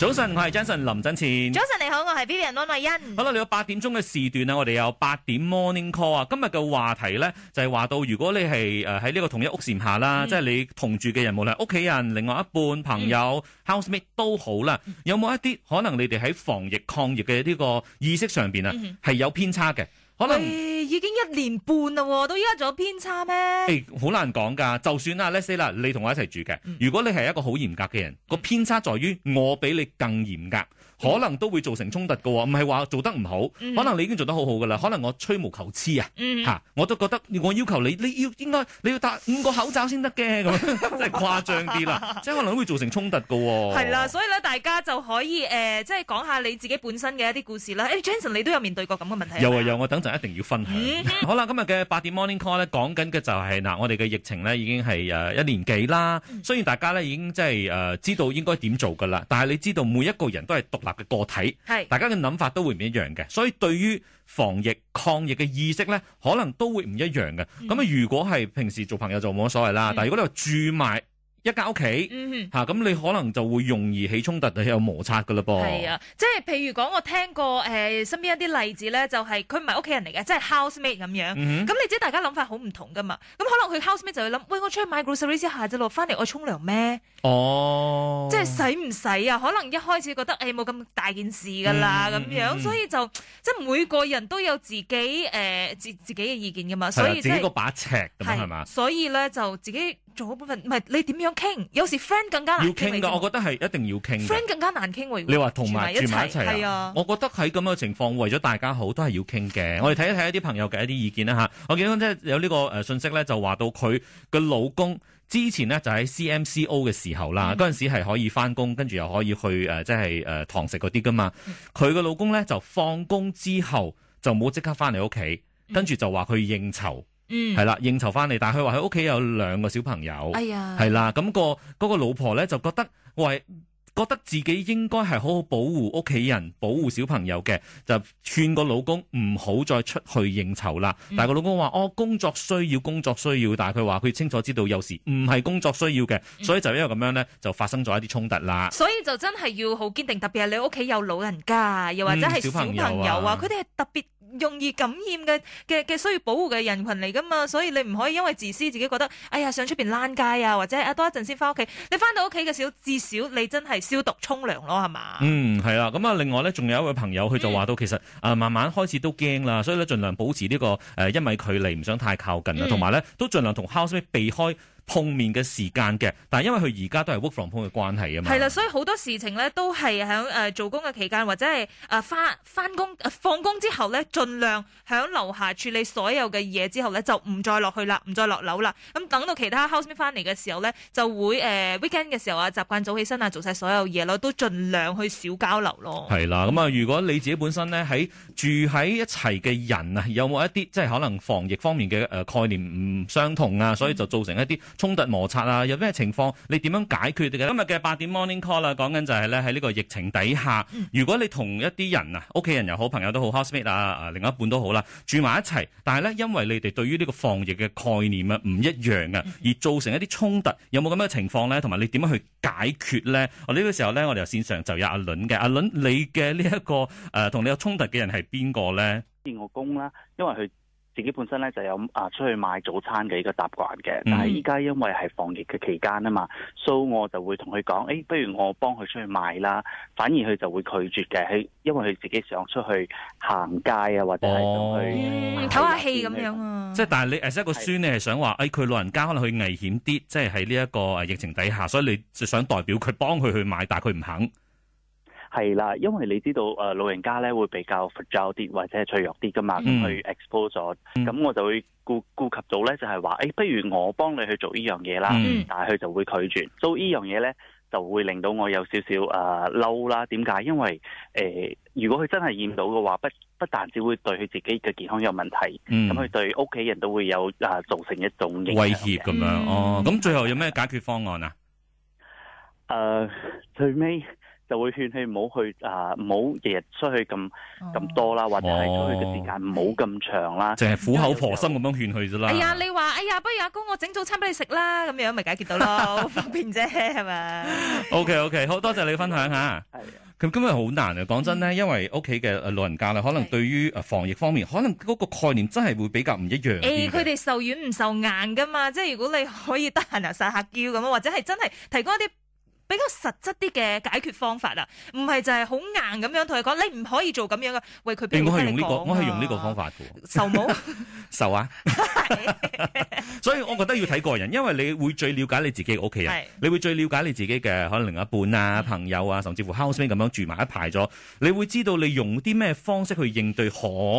早晨，我係 Jason 林振前。早晨你好，我係 Vivian 安慧欣。好啦，你有八點鐘嘅時段啊，我哋有八點 morning call 啊。今日嘅話題咧就係、是、話到，如果你係誒喺呢個同一屋檐下啦，即、嗯、係、就是、你同住嘅人，無論屋企人、另外一半、朋友、嗯、housemate 都好啦，有冇一啲可能你哋喺防疫抗疫嘅呢個意識上邊啊係有偏差嘅？可能、哎、已經一年半喎，都依家仲有偏差咩？誒、欸，好難講㗎。就算啦，let’s see 啦，你同我一齊住嘅、嗯。如果你係一個好嚴格嘅人，個偏差在於我比你更嚴格，嗯、可能都會造成衝突㗎喎、哦。唔係話做得唔好、嗯，可能你已經做得好好㗎啦。可能我吹毛求疵、嗯、啊，我都覺得我要求你，你要應該你要戴五個口罩先得嘅，咁 即真係誇張啲啦， 即係可能會造成衝突㗎喎、哦。係啦、啊，所以咧大家就可以、呃、即係講下你自己本身嘅一啲故事啦。欸、Jason 你都有面對過咁嘅問題？有啊有，我等陣。一定要分享。Mm -hmm. 好啦，今日嘅八點 Morning Call 咧，講緊嘅就係、是、嗱，我哋嘅疫情咧已經係誒一年幾啦。雖然大家咧已經即係誒知道應該點做噶啦，但係你知道每一個人都係獨立嘅個體，係大家嘅諗法都會唔一樣嘅。所以對於防疫抗疫嘅意識咧，可能都會唔一樣嘅。咁啊，如果係平時做朋友就冇乜所謂啦。但係如果你話住埋，一間屋企，吓、嗯、咁、啊、你可能就會容易起衝突的有的，有摩擦噶啦噃。係啊，即係譬如講，我聽過誒、呃、身邊一啲例子咧，就係佢唔係屋企人嚟嘅，即、就、係、是、housemate 咁樣。咁、嗯、你即係大家諗法好唔同噶嘛？咁、嗯、可能佢 housemate 就會諗，喂，我出去買 groceries 一下啫咯，翻嚟我沖涼咩？哦，即係使唔使啊？可能一開始覺得誒冇咁大件事噶啦咁樣，所以就、嗯、即係每個人都有自己誒、呃、自自己嘅意見噶嘛。所以即、就、係、是、一個把尺咁樣係嘛。所以咧就自己。做好部分，唔係你點樣傾？有時 friend 更加難傾噶，我覺得係一定要傾。friend 更加難傾你話，同埋住埋一齊，係啊？我覺得喺咁樣嘅情況，為咗大家好，都係要傾嘅。我哋睇一睇一啲朋友嘅一啲意見啦吓。我記得即係有呢個誒信息咧，就話到佢嘅老公之前呢，就喺 CMCO 嘅時候啦，嗰、嗯、陣時係可以翻工，跟住又可以去誒即係誒堂食嗰啲噶嘛。佢、嗯、嘅老公咧就放工之後就冇即刻翻嚟屋企，跟住就話去應酬。嗯嗯，係啦，應酬翻嚟，但係佢話佢屋企有兩個小朋友，係啊，係啦，咁個嗰個老婆咧就覺得，喂。覺得自己應該係好好保護屋企人、保護小朋友嘅，就勸個老公唔好再出去應酬啦、嗯。但係個老公話：我、哦、工作需要，工作需要。但係佢話佢清楚知道有時唔係工作需要嘅，所以就因為咁樣呢，就發生咗一啲衝突啦。所以就真係要好堅定，特別係你屋企有老人家，又或者係小、嗯、小朋友啊，佢哋係特別容易感染嘅嘅嘅需要保護嘅人群嚟噶嘛。所以你唔可以因為自私，自己覺得哎呀上出面躝街啊，或者啊多一陣先翻屋企。你翻到屋企嘅時候，至少你真係。消毒、沖涼咯，係嘛？嗯，係啦。咁啊，另外咧，仲有一位朋友，佢就話到其實啊，慢慢開始都驚啦，所以咧，盡量保持呢個誒一米距離，唔想太靠近啦，同埋咧，都盡量同 housemate 避開。碰面嘅時間嘅，但係因為佢而家都係 work from home 嘅關係啊嘛。係啦，所以好多事情呢，都係喺誒做工嘅期間，或者係誒翻翻工、放工之後呢，儘量喺樓下處理所有嘅嘢之後呢，就唔再落去啦，唔再落樓啦。咁、嗯、等到其他 housemate 翻嚟嘅時候呢，就會誒、呃、weekend 嘅時候啊，習慣早起身啊，做晒所有嘢咯，都儘量去少交流咯。係啦，咁啊，如果你自己本身呢，喺住喺一齊嘅人啊，有冇一啲即係可能防疫方面嘅誒概念唔相同啊，所以就造成一啲。衝突摩擦啊！有咩情況？你點樣解決嘅？今日嘅八點 morning call 啦，講緊就係咧喺呢個疫情底下，如果你同一啲人啊，屋企人又好，朋友都好，housemate 啊，啊另一半都好啦，住埋一齊，但係咧因為你哋對於呢個防疫嘅概念啊唔一樣啊，而造成一啲衝突，有冇咁樣嘅情況咧？同埋你點樣去解決咧？我、這、呢個時候咧，我哋線上就有阿倫嘅，阿倫你嘅呢一個誒同、呃、你有衝突嘅人係邊個咧？見我公啦，因為佢。自己本身咧就有啊出去買早餐嘅一個習慣嘅，但係依家因為係防疫嘅期間啊嘛，所以我就會同佢講，誒、哎，不如我幫佢出去買啦，反而佢就會拒絕嘅，佢因為佢自己想出去行街啊，或者係去唞、哦就是、下氣咁樣啊。即係但係你，即係一個孫你係想話，誒、哎，佢老人家可能會危險啲，即係喺呢一個誒疫情底下，所以你就想代表佢幫佢去買，但係佢唔肯。係啦，因為你知道誒、呃，老人家咧會比較浮躁啲或者係脆弱啲噶嘛，咁、嗯、佢 expose 咗，咁、嗯、我就會顧顧及到咧，就係、是、話誒，不如我幫你去做呢樣嘢啦，嗯、但係佢就會拒絕，做呢樣嘢咧就會令到我有少少誒嬲啦。點、呃、解？因為誒、呃，如果佢真係驗到嘅話，不不但只會對佢自己嘅健康有問題，咁、嗯、佢對屋企人都會有誒、呃、造成一種威脅咁樣哦。咁、嗯、最後有咩解決方案啊？誒、呃，最尾。就會勸佢唔好去啊，唔好日日出去咁咁多啦，或者係出去嘅時間唔好咁長啦。淨、哦、係苦口婆心咁樣勸佢啫啦。哎呀，你話哎呀，不如阿哥我整早餐俾你食啦，咁樣咪解決到咯， 好方便啫，係咪？OK OK，好多謝你分享下。係 咁今日好難啊！講真咧，因為屋企嘅老人家咧，可能對於防疫方面，可能嗰個概念真係會比較唔一樣。誒、哎，佢哋受軟唔受硬噶嘛？即係如果你可以得閒又撒下嬌咁，或者係真係提供一啲比較實質啲嘅解決方法啦，唔係就係好硬咁樣同佢講，你唔可以做咁樣㗎。喂，佢俾我聽你講、欸。我係用呢、這個、個方法嘅。受冇？受 愁啊！ 所以我覺得要睇個人，因為你會最了解你自己嘅屋企人，你會最了解你自己嘅可能另一半啊、朋友啊，嗯、甚至乎 housemate 咁樣住埋一排咗，你會知道你用啲咩方式去應對，可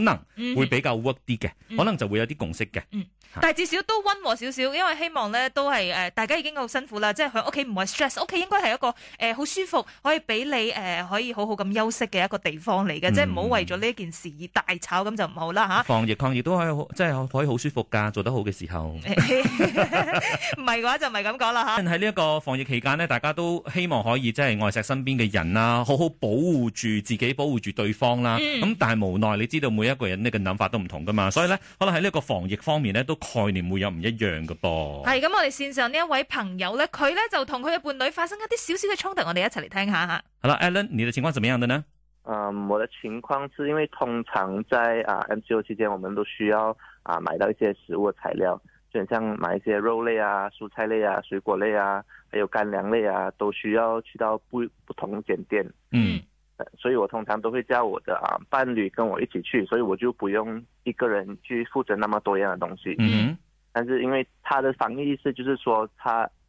能會比較 work 啲嘅、嗯，可能就會有啲共識嘅、嗯。但係至少都溫和少少，因為希望咧都係誒大家已經好辛苦啦，即係喺屋企唔係 stress，屋企應該係一個誒好、呃、舒服，可以俾你誒、呃、可以好好咁休息嘅一個地方嚟嘅，即係唔好為咗呢件事而大吵，咁就唔好啦吓、啊。防疫抗疫都可以，即、就、係、是、可以好舒服噶，做得好。嘅時候，唔係嘅話就唔係咁講啦吓。喺呢一個防疫期間呢，大家都希望可以即係、就是、愛惜身邊嘅人啦、啊，好好保護住自己，保護住對方啦、啊。咁、嗯、但係無奈，你知道每一個人呢個諗法都唔同噶嘛，所以咧可能喺呢一個防疫方面咧，都概念會有唔一樣噶噃。係咁，我哋線上呢一位朋友咧，佢咧就同佢嘅伴侶發生一啲小小嘅衝突，我哋一齊嚟聽下吓。好啦 Alan 你嘅情況怎麼樣嘅呢？嗯、um，我的情況是因為通常在啊 MCO 期間，我們都需要。啊，買到一些食物材料，就像買一些肉類啊、蔬菜類啊、水果類啊，還有乾糧類啊，都需要去到不不同間店。嗯、呃，所以我通常都會叫我的啊伴侶跟我一起去，所以我就不用一個人去負責那麼多樣的東西。嗯，但是因為他的防疫意識就是說他。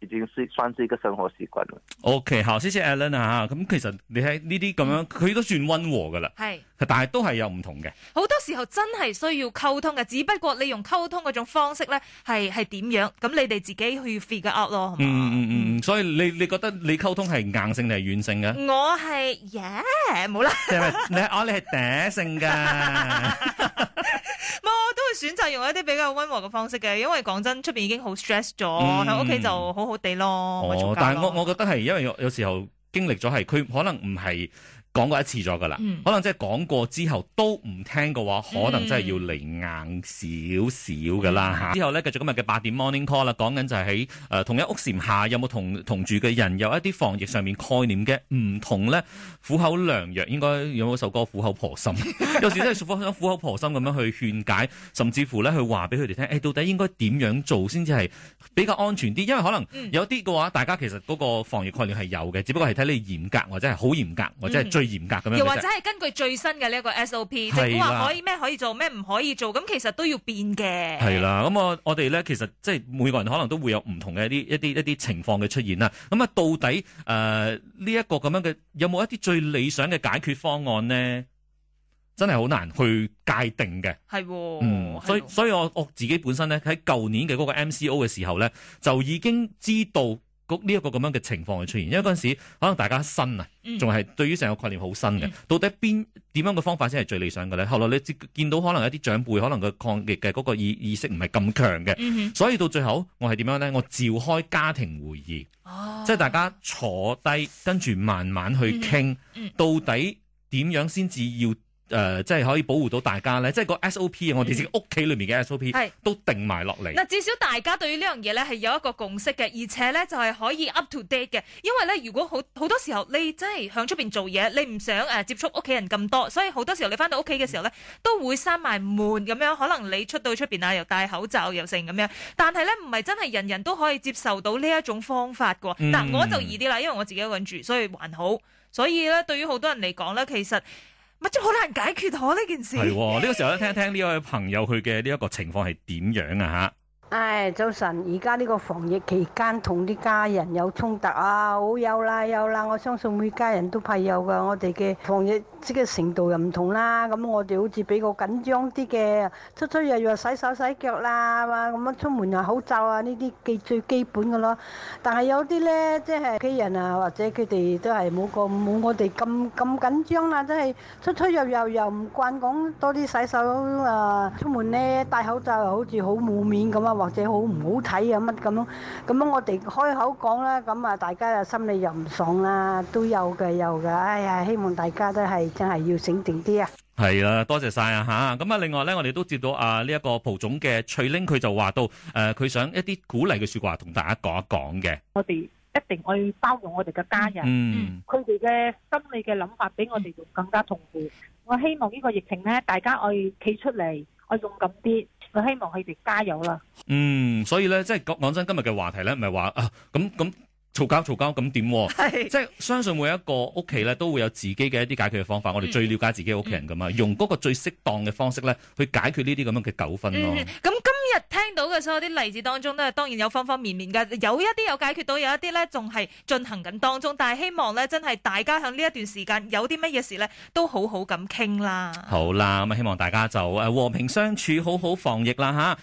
已經算算是一個生活時間 O K，好，謝謝 Alan 啊，咁其實你喺呢啲咁樣，佢、嗯、都算温和噶啦。係，但係都係有唔同嘅。好多時候真係需要溝通嘅，只不過你用溝通嗰種方式咧，係係點樣？咁你哋自己去 figure out 咯，係嗯嗯嗯，所以你你覺得你溝通係硬性定係軟性嘅？我係 yeah 好冇啦，你我，你係嗲性噶。 選擇用一啲比較溫和嘅方式嘅，因為講真，出面已經好 stress 咗，喺屋企就好好地咯，哦，咯。但係我我覺得係，因為有有時候經歷咗係佢可能唔係。講過一次咗噶啦，可能即係講過之後都唔聽嘅話，可能真係要嚟硬少少噶啦嚇。之後呢，繼續今日嘅八點 Morning Call 啦，講緊就係喺誒同一屋檐下有冇同同住嘅人有一啲防疫上面概念嘅唔同呢，苦口良藥應該有冇首歌苦口婆心， 有時真係苦口婆心咁樣去勸解，甚至乎呢，去話俾佢哋聽，誒、欸、到底應該點樣做先至係比較安全啲？因為可能有啲嘅話、嗯，大家其實嗰個防疫概念係有嘅，只不過係睇你嚴格或者係好嚴格或者係最。嚴格咁樣，又或者係根據最新嘅呢一個 SOP，政府話可以咩可以做咩唔可以做，咁其實都要變嘅。係啦、啊，咁我我哋咧,其實即係每個人可能都會有唔同嘅一啲一啲一啲情況嘅出現啦。咁啊，到底誒呢一個咁樣嘅，有冇一啲最理想嘅解決方案呢？真係好難去界定嘅。係、啊，嗯，啊、所以所以我我自己本身咧喺舊年嘅嗰個 MCO 嘅時候咧就已經知道。嗰呢一個咁樣嘅情況去出現，因為嗰陣時可能大家新啊，仲、嗯、係對於成個概念好新嘅，到底邊點樣嘅方法先係最理想嘅咧？後來你見到可能一啲長輩可能個抗疫嘅嗰個意意識唔係咁強嘅，所以到最後我係點樣咧？我召開家庭會議、哦，即係大家坐低跟住慢慢去傾、嗯，到底點樣先至要。誒、呃，即係可以保護到大家咧，即係個 SOP、嗯、我哋自己屋企裏面嘅 SOP 都定埋落嚟。嗱，至少大家對於呢樣嘢咧係有一個共識嘅，而且咧就係可以 up to date 嘅。因為咧，如果好好多時候你真係向出邊做嘢，你唔想誒接觸屋企人咁多，所以好多時候你翻到屋企嘅時候咧、嗯、都會閂埋門咁樣。可能你出到出邊啊，又戴口罩又成咁樣。但係咧，唔係真係人人都可以接受到呢一種方法嘅。嗱，我就易啲啦，因為我自己一個人住，所以還好。所以咧，對於好多人嚟講咧，其實。咪仲好難解決到、啊，呢件事，係呢、哦這個時候咧聽一聽呢位朋友佢嘅，呢一個情況、啊，係點樣啊吓？唉、哎，早晨！而家呢個防疫期間，同啲家人有衝突啊，好有啦，有啦！我相信每家人都怕有噶，我哋嘅防疫即係程度又唔同啦。咁我哋好似比較緊張啲嘅，出出入入洗手洗腳啦，咁、啊、樣出門又口罩啊，呢啲嘅最基本噶咯。但係有啲咧，即係屋企人啊，或者佢哋都係冇個冇我哋咁咁緊張啦，即、就、係、是、出出入入又唔慣講多啲洗手啊，出門咧戴口罩又好似好冇面咁啊！或者好唔好睇啊？乜咁樣，咁我哋開口講啦，咁啊，大家心理又唔爽啦，都有嘅，有嘅。哎呀，希望大家都係真係要醒定啲啊！係啦，多謝晒啊吓。咁啊，另外咧，我哋都接到啊呢一、這個蒲總嘅翠玲，佢就話到誒，佢、啊、想一啲鼓勵嘅說話同大家講一講嘅。我哋一定去包容我哋嘅家人，嗯，佢哋嘅心理嘅諗法比我哋仲更加痛苦、嗯。我希望呢個疫情咧，大家去企出嚟，去勇敢啲。佢希望佢哋加油啦。嗯，所以咧，即係講講真，今日嘅話題咧，唔係話啊，咁咁嘈交嘈交，咁點？係，即係、就是、相信每一個屋企咧都會有自己嘅一啲解決嘅方法。我哋最了解自己屋企人噶啊、嗯，用嗰個最適當嘅方式咧去解決呢啲咁樣嘅糾紛咯。咁、嗯、今日。到嘅所有啲例子當中咧，當然有方方面面嘅，有一啲有解決到，有一啲咧仲係進行緊當中。但係希望咧，真係大家響呢一段時間有啲乜嘢事咧，都好好咁傾啦。好啦，咁啊，希望大家就誒和平相處，好好防疫啦吓。